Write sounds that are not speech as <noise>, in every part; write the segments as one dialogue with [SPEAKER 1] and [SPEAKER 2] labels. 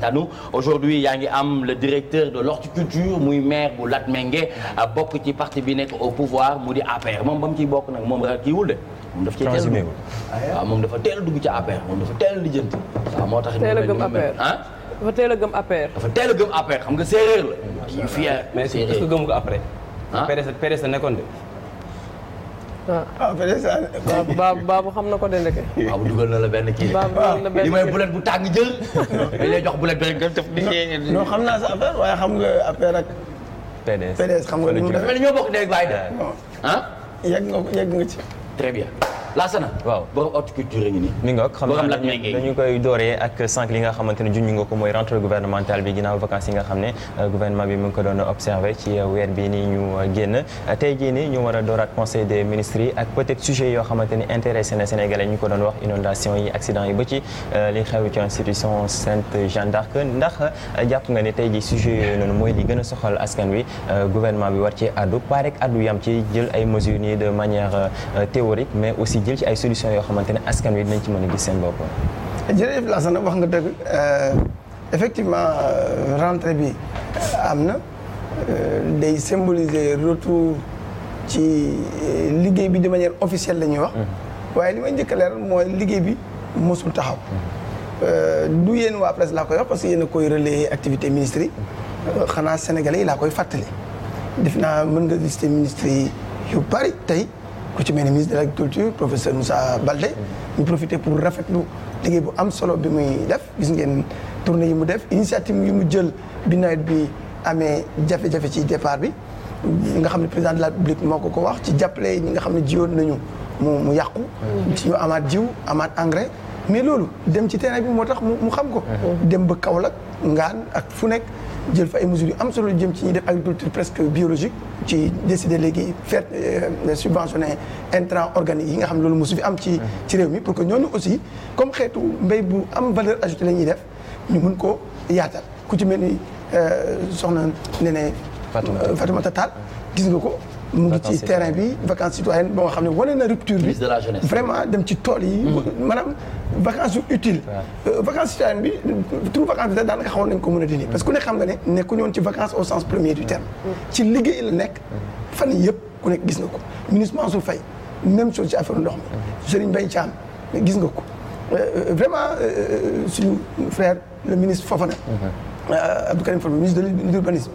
[SPEAKER 1] c'est à nous aujourd'hui yaa ngi am le directeur de l'horticulture muy maire bu a bokk ci parti bi nekk au pouvoir mu di APR moom ba mu ciy bokk nag moom ra kiiwul de moom dafa cee teel ah, waaw moom dafa teel dugg ci APR moom dafa teel lijjanti waaw ah, moo tax ah dafa teel a gëm APR dafa teel a gëm APR xam nga séeréer la kii fier mais est-ce que gëm ko après ah? PDS PDS nekkoon de ah ndeysaan. baabu baabu xam na ko de ndeke. baabu dugal na la benn kii de. baabu dugal na benn kii de li may bulet bu tàng jël. dañ lay jox bulet bi rek nga def. non xam naa sa waaye xam nga affaire ak. PDS xam nga lu mu def. mais ñoo bokk dégg bàyyi de. ah. yegg nga ci. très bien. laasana. waaw borom horticulture ngi nii.
[SPEAKER 2] mi nga xam koy dooree ak sànq li nga xamante ne junj nga ko mooy rentrée gouvernementale bi ginnaaw vacances yi nga xam ne euh, gouvernement bi mu ngi ko doon observé ci euh, weer bi nii ñu euh, génn tey ji ni ñu war a dooraat conseil des ministres yi ak peut-être sujet yoo xamante ni intéressé na Sénégalais ñu ko doon wax inondation yi accident yi ba ci li xew ci institution Sainte Jeanne ndax jàpp nga ni tey jii sujet yooyu noonu mooy li gën a soxal askan wi gouvernement bi war ci addu parek addu yam ci jël ay mesures nii de manière théorique mais ci jël ci ay solutions yoo xamante ne askan wi dinañ ci mën a gis seen bopp.
[SPEAKER 3] jërëjëf Lassana wax nga dëgg euh, effectivement euh, rentrée bi euh, am na day symboliser retour ci liggéey bi de manière officielle la ñuy wax. waaye li may njëkk a leeral mooy liggéey bi mosul taxaw. du yéen waa presse laa koy wax parce que yéen a koy relayer activité ministres xanaa sénégal yi laa koy fàttali. def naa mën nga visiter ministres yi yu bari tey. ku ci mel ni ministre de l'agriculture professeur Moussa Baldé ñu profité pour rafetlu liggéey bu am solo bi muy def gis ngeen tournée yi mu def initiative yi mu jël bi nawet bi amee jafe-jafe ci départ bi nga xam ne président la République moo ko ko wax ci jàppale ñi nga xam ne jiwoon nañu mu mu yàqu mm-hmm. ci ñu amaat jiw amaat engrais mais loolu dem ci terrain bi moo tax mu xam ko mm-hmm. dem ba Kaolack ngaan ak fu nekk jël fa ay mesures am solo jëm ci ñi def agriculture presque biologique ci décider léegi faire euh, subventionner intrants organiques yi nga xam loolu mosu fi am ci ci réew mi pour que ñooñu aussi comme xeetu mbéy bu am valeur ajoutée la ñuy def ñu mun ko yaatal ku ci mel ni euh, soxna Néné euh, Fatoumata Tall gis nga ko mu ngi ci terrain bi vacances citoyennes ba nga xam ne wane na rupture bi vraiment dem ci tool yi mmh. maanaam vacances yu utile euh, vacances citoyennes bi tout vacances bi sax daanaka xawoon nañ ko mën a dindi parce que ku ne xam nga ne nekkuñu woon ci vacances au sens premier du terme mmh. ci liggéey la nekk mmh. fan yëpp ku nekk gis nga ko ministre Mansour Faye même chose ci affaire ndox mi Serigne Mbaye Thiam gis nga ko euh, euh, vraiment suñu frère le ministre Fofana Euh, Abdou Karim Fall ministre de l'urbanisme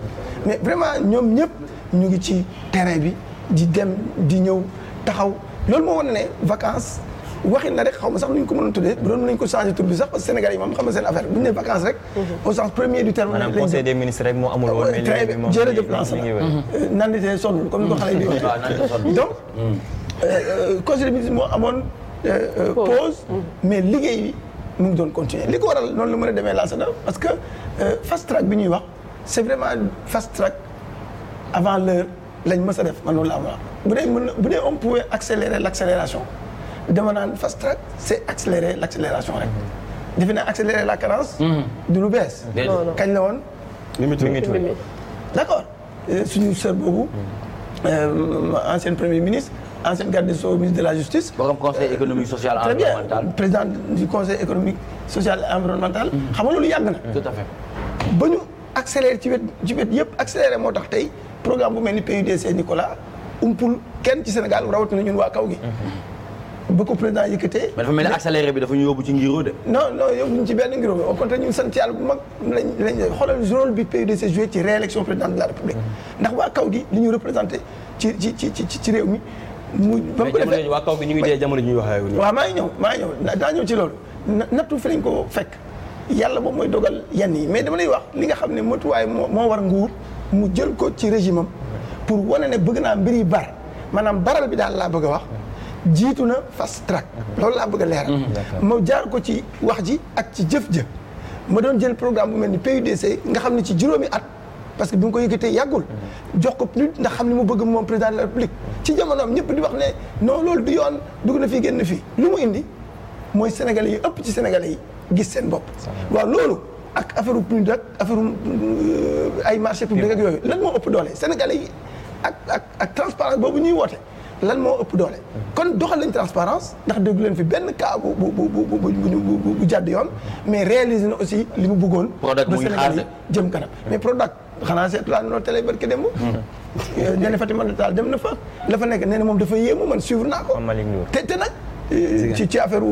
[SPEAKER 3] mais vraiment ñoom ñëpp ñu ngi ci terrain bi di dem di ñëw taxaw loolu moo wane ne vacances waxin la rek xaw ma sax nu ñu ko mënoon tuddee bu doon mën nañu ko changé tur bi sax parce que Sénégal yi moom xam na seen affaire bu ñu nee vacances rek. Mhm. au sens premier du terme. maanaam conseil des
[SPEAKER 2] ministres rek moo amul woon. mais léegi moom jërëjëf la
[SPEAKER 3] naan la sonnul comme ni ko xale bi waxee. donc euh, euh, conseil des ministres moo amoon pause mhm. mais liggéey bi. mu ngi doon continuer li ko waral lu la mën a demee Lansana parce que euh, fast track bi ñuy wax c' est vraiment fast track avant l'heure lañ mës def ma loolu laa wax bu dee mën bu dee on pouvait accélérer l' accélération dama naan fast track c' est accélérer l' accélération rek defe naa accélérer la cadence. Mhm. du lu bees. kañ la woon. limite limite d' euh, suñu sœur boobu euh, ancienne premier ministre. ancienne garde des Sceaux ministre de la justice. borom conseil économique social et environnemental président du conseil économique social environnemental. Mm. xam nga loolu yàgg na. ba ñu accéléré ci wet ci wet yëpp moo tax tey programme bu mel ni PUDC Nicolas umpul kenn ci Sénégal na ñun waa kaw gi. Mm-hmm. ba ko président yëkkatee. mais dafa
[SPEAKER 1] mel ni bi dafa ñu yóbbu ci ngiroo de.
[SPEAKER 3] non non yóbbuñu ci benn ngiroo au contraire ñun sant bu mag lañ lañ rôle bi PUDC ci réélection président de la république. Mm-hmm. gi li ñu représenté ci ci ci ci réew mu ba mu ko defee waa ñu ngi dee jamono ñuy wax waaw maa ngi ñëw maa ngi ñëw daa ñëw ci loolu nattu fi lañ ko fekk yàlla moom mooy dogal yenn yi mais dama lay wax li nga xam ne motuwaay moo war nguur mu jël ko ci régime am pour wane ne bëgg naa mbir yi bar maanaam baral bi daal laa bëgg wax jiitu na fast track loolu laa bëgg a leeral mhm, ma jaar ko ci wax ji ak ci jëf-jëf ma doon jël programme bu mel ni PUDC nga xam ne ci juróomi at parce que bi mu ko yëkkatee yàggul. jox ko PNUD ndax xam li mu bëgg moom président de la république. ci jamonoom ñëpp di wax ne non loolu du yoon dugg na fii génn fii lu mu indi mooy sénégale yi ëpp ci sénégalais yi gis seen bopp. waaw loolu ak affaire PNUD ak affaire euh, ay marché public ak yooyu lan moo ëpp doole sénégalais yi ak transparence boobu ñuy woote. lan moo ëpp doole kon doxal lañ transparence ndax déglu leen fi benn cas bu bu bu bu jàdd yoon mais réaliser na aussi li mu bëggoon. Prodac muy jëm kanam mais Prodac xanaa seetlaan loolu télé barke dem hmm. nene Fatima Taal dem na fa la fa nekk nee na moom dafa yéemu man suivre naa ko te te nag ci ci affaire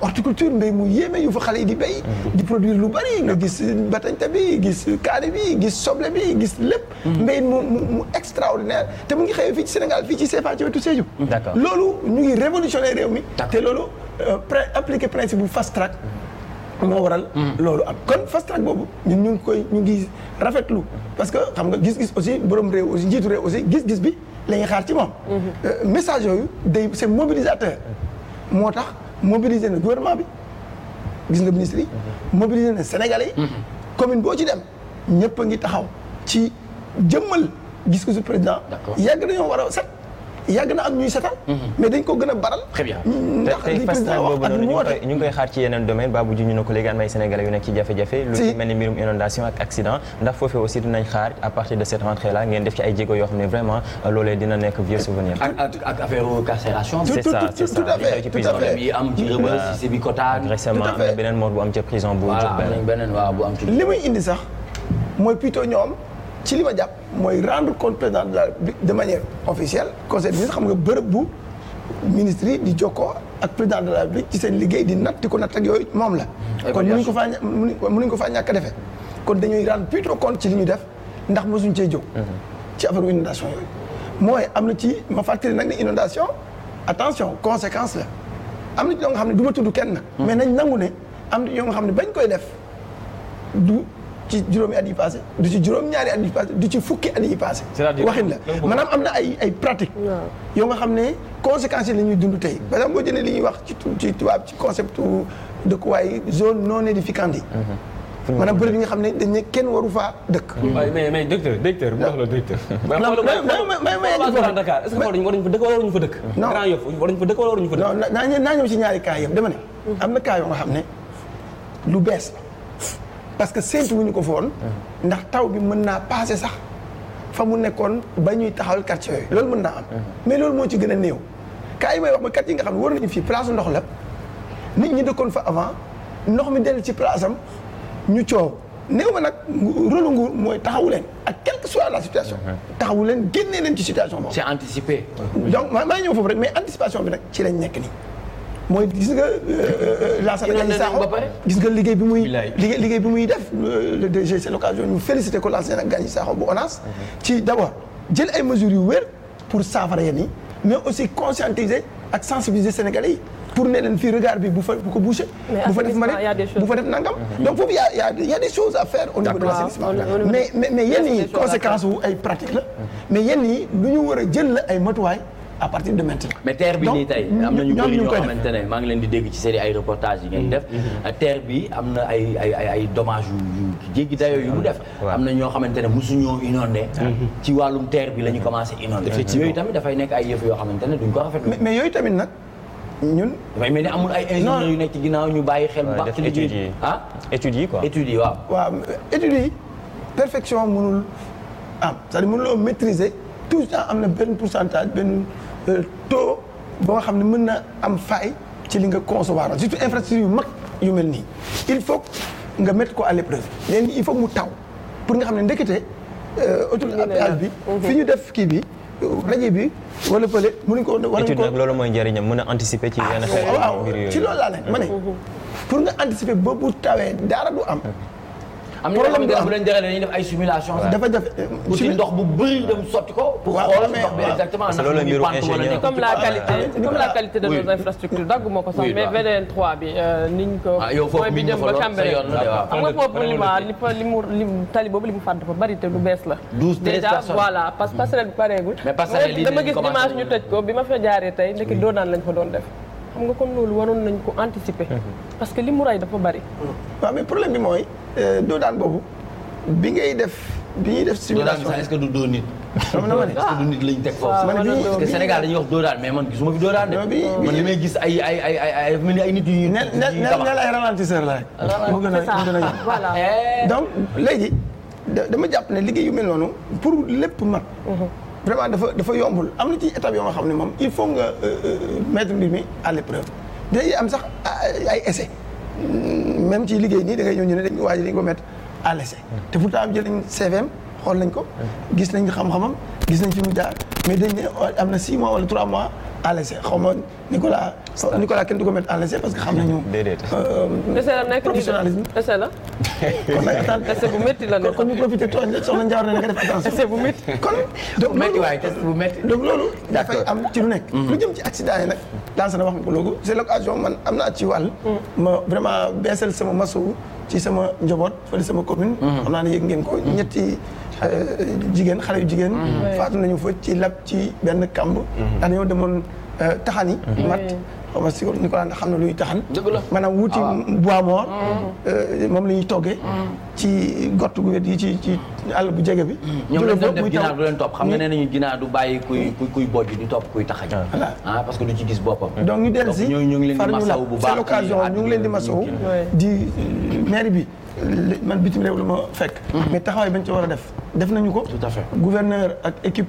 [SPEAKER 3] horticulture mbay mu yéeme yu fa xale yi di béy hmm. di produire lu bari nga gis batañta bi gis kaani bi gis soble bi gis lépp hmm. mbay mu mu extraordinaire te mu ngi xëyee fii ci Sénégal fii ci CFA ci wetu Sédhiou loolu ñu ngi révolutionné réew mi te loolu euh, appliqué principe bu fast track moo waral. loolu am kon fast track boobu ñun ñu ngi koy ñu ngi rafetlu parce que xam nga gis-gis aussi borom réew aussi njiitu réew aussi gis-gis bi la ñuy xaar ci moom. Euh, message yooyu day c'est mobilisateur. moo tax mobiliser na gouvernement bi gis nga ministre yi. mobiliser na Sénégalais yi. commune boo ci dem ñëpp a ngi taxaw ci jëmmal gis-gisu président. yàgg nañoo war a set. yàgg na ak ñuy setal mm-hmm. mais dañ ko gën a baral très bien mm, ndax li président wax ak ñu
[SPEAKER 2] ngi koy xaar ci yeneen domaine Babou ju ñu na ko léegi am ay sénégalais yu nekk ci jafe-jafe lu ak accident ndax foofee aussi dinañ xaar à partir de cette rentrée là ngeen def ci ay jéego yoo xam ne vraiment euh, loolee dina nekk vieux souvenir
[SPEAKER 1] ak affaire carcération c'est ça c'est ça tout à fait yi am ci
[SPEAKER 2] Rebeuss bu am ca prison bu Diourbel beneen waaw
[SPEAKER 3] indi sax mooy plutôt ñoom ci li jàpp mooy rendre compte président de la de manière officielle conseil des xam nga bërëb bu ministre yi di jokkoo ak président de la République ci seen liggéey di nat di ko natt ak yooyu moom la. kon mënuñ ko faa mënuñ ko faa ñàkk a defee. kon dañuy rendre to compte ci li ñu def ndax mosuñ cee jóg. Mhm. ci affaire inondation yooyu. mooy am na ci ma fàttali nag ne inondation attention conséquence la am na ci ñoo nga xam ne du ma tudd kenn nag. Mhm. mais nañ nangu ne am na ñoo nga xam ne bañ koy def ci juróomi at yi passé du ci juróom ñaari at yi du ci fukki at yi passé waxin la maanaam am na ay ay pratique yoo nga ne conséquences yi la ñuy dund tey par exemple boo jëlee li ñuy wax ci ci tubaab ci concept dëkkuwaay zone non édificante yi mhm. maanaam bëri bi nga xam ne dañ ne kenn waru faa dëkk.
[SPEAKER 2] mais mais docteur docteur fa dëkk wala
[SPEAKER 3] waruñu fa dëkk. non Grand Yoff waruñu fa dëkk wala waruñu fa dëkk. non naa ñëw ci ñaari cas am na cas yoo nga ne lu bees parce que séntu wuñu ko foon ndax taw bi mën naa passé sax fa mu nekkoon ba ñuy taxawal quartier yooyu loolu mën naa am mais loolu moo ci gën a néew kaa i may wax ma quartier yi nga xam ne war nañu fii place ndox la nit ñi dëkkoon fa avant ndox mi dellu ci place am ñu coow néew ma nag rôle nguur mooy taxawu leen ak quelle que la situation taxawu leen génnee leen ci situation boobu c'est anticipé donc rek mais anticipation bi nag ci lañ nekk nii mooy gis nga. laasana Gagny Sakho gis nga liggéey bi muy. liggéey bi muy def le DG c'est l'occasion ñu félicité ko laasana Gagny Sakho bu ONAS. Mhm. d'abord jël ay mesures yu wér pour saafara yéen yi mais aussi conscientiser ak sensibiliser Sénégalais yi. pour ne leen fii regard bi bu fa bu ko bouché. bu fa def mari bu fa def nangam. Mhm. donc foofu y' a a y' a des choses à faire au niveau de l'assainissement mais mais yi conséquences wu ay pratiques la. Mhm. mais yenn yi lu ñu war a jël la ay matuwaay. à partir de maintenant. mais terre bi nii
[SPEAKER 1] tey am na ñu bëri ñoo xamante ne maa ngi leen di dégg ci série ay reportages yi ngeen mm-hmm. def. Mm-hmm. terre bi am na ay ay yu yu jéggi dayoo yu mu def. am na ñoo xamante ne mosu ñoo inondé. Mm-hmm. ci wàllum terre bi lañu ñu commencé inondé. effectivement yooyu tamit dafay nekk ay ne duñ mais yooyu tamit nag. ñun dafay ni amul ay ingénieurs yu nekk ci ginnaaw ñu bàyyi xel. waaw def études yi ah études yi quoi waaw. waaw
[SPEAKER 3] perfection mënul am cest mënuloo maîtriser tout am na benn pourcentage benn. Euh, to boo nga xam ne mën na am faay ci li nga concevoir surtout infrastructure yu mag yu mel nii il faut nga mettre ko à l'épreuve léegi il faut mu taw pour nga xam ne ndekete autoroute à péage bi mhm. fi ñu def kii bi rajo bi wala pële mënuñ ko war nañ ko nag
[SPEAKER 2] loolu mooy njëriñam mën a anticiper ci ah, yenn xeetu
[SPEAKER 3] mbir yooyu ci loolu laa ne ma ne mhm. pour nga anticiper ba bu tawee dara du am
[SPEAKER 1] am na problème bu leen jëlee dañuy def ay simulation. dafa euh, ndox bu bëri ko. pour xool ndox bi exactement la qualité comme la ah, qualité de nos infrastructures daggu ma ko sax mais VDN 3 bi euh, niñ ko. ah mu li tali boobu bari te lu bees la. 12 13 personnes déjà voilà parce que hmm. passerelle bi pareegul. mais passerelle yi dama gis dimanche ñu tëj ko bi ma fa jaaree tey ndekki doonaan doon def. xam nga kon loolu waroon nañ ko anticiper. Mhm. parce que li mu rey dafa bari. Mhm. waaw mais problème bi mooy
[SPEAKER 3] euh, doo boobu bi ngay def bi ñuy def. simulation doo daan est du doo nit. xam man <laughs> est-ce que du nit
[SPEAKER 1] lañ teg foofu. Ah, man bi parce que Sénégal dañuy wax doo daan mais man gisuma fi doo daan gis ay ay ay ay ay ay nit yu. ne ne ne la ay ralentisseur la rek. a mu gën a <laughs> voilà. Eh. donc léegi
[SPEAKER 3] dama jàpp ne liggéey yu mel noonu pour lépp mat. Mhm. vraiment dafa dafa yombul am na ci étape yoo xam ne moom il faut nga euh, euh, mettre mbir mi à l'épreuve day am sax euh, ay essai même ci liggéey nii da ngay ñëw ñu ne dañ waa ji dañ ko mettre à l'essai te pourtant am jël nañ CVM xool nañ ko gis nañ xam-xamam gis nañ fi mu jaar mais dañ ne oh, am na 6 mois wala 3 mois à l'essai ko mettre à l'essai parce que xam nañu. déedéet euh,
[SPEAKER 1] professionnalisme. essai la
[SPEAKER 3] kon nag attan essai
[SPEAKER 1] bu métti la kon ñu def attention. essai kon. donc métti waaye test
[SPEAKER 3] am ci lu nekk. lu jëm ci accident yi nag. dansé na wax nga ko loolu c'est l'occasion am naa ci wàll. Mm. ma vraiment beesal sama masu ci sama njaboot fële sama commune. Mm. xam naa ne yëg ngeen ko mm. ñetti. Euh, jigéen xale yu jigéen mm-hmm. faatu nañu fa ci lab ci benn kamb ndax mm-hmm. dañoo demoon euh, taxani mm-hmm. mat xaw ma xam ne luy taxan. dëgg la maanaam wuuti ah, bois mm. euh, moom la ñuy toggee. Mm. ci gott gu wet yi ci ci àll bu jege bi. Mm. ñoom lañ def ginaar du leen topp xam nga
[SPEAKER 1] nañu ginaar du bàyyi kuy kuy bojj di topp kuy taxañ. ah, ah parce que du ci gis boppam. donc ñu dellu si far ñu ngi leen di masawu bu baax l'occasion ñu ngi leen di
[SPEAKER 3] di euh, maire bi. man bitim réew la ma fekk. mais taxawaay bañ ci war a def. def nañu ko. tout à gouverneur ak équipe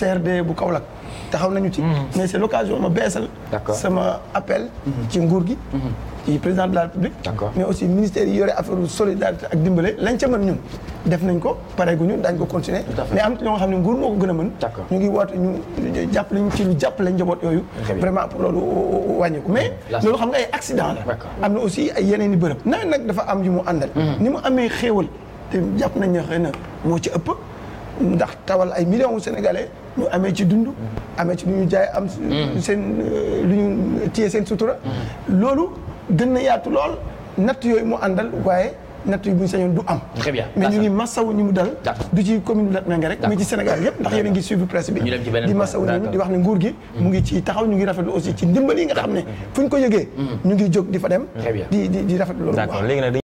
[SPEAKER 3] CRD bu Kaolack. taxaw nañu ci. Mm-hmm. mais c'est l'occasion ma beesal. sama appel. Mm-hmm. ci nguur gi. Mm-hmm. ci président de la République. mais aussi ministère yi yore affaire solidarité ak dimbale lañ ca mën ñun. def nañ ko ñu daañ ko continuer. mais am na ñoo xam ne nguur moo ko gën a mën. ñu ngi woote ñu jàpp ñu ci lu jàppale njaboot yooyu. vraiment pour loolu wàññeeku mais. loolu xam nga ay accident la. am na aussi ay yeneeni bërëb. naa nag dafa am yu mu àndal. ni mu amee xéewal te jàpp nañ ne xëy na moo ci ëpp. ndax tawal ay millions wu sénégalais. ñu amee ci dund. amee ci lu ñu jaay am. Mm. seen lu ñu téye seen sutura. Mm. loolu gën na yaatu lool natt yooyu mu àndal waaye. natt yi bu ñu sañoon du am. très bien mais ñu ngi masawu ñu mu ci Sénégal yëpp ndax yéen a ngi suivre presse bi. di masawu ñu di wax ne nguur gi. Mm. mu ngi ci taxaw ñu ngi rafetlu aussi ci ndimbal yi nga xam ne. fu ñu ko yëgee. ñu ngi jóg di fa dem. di di di rafetlu loolu.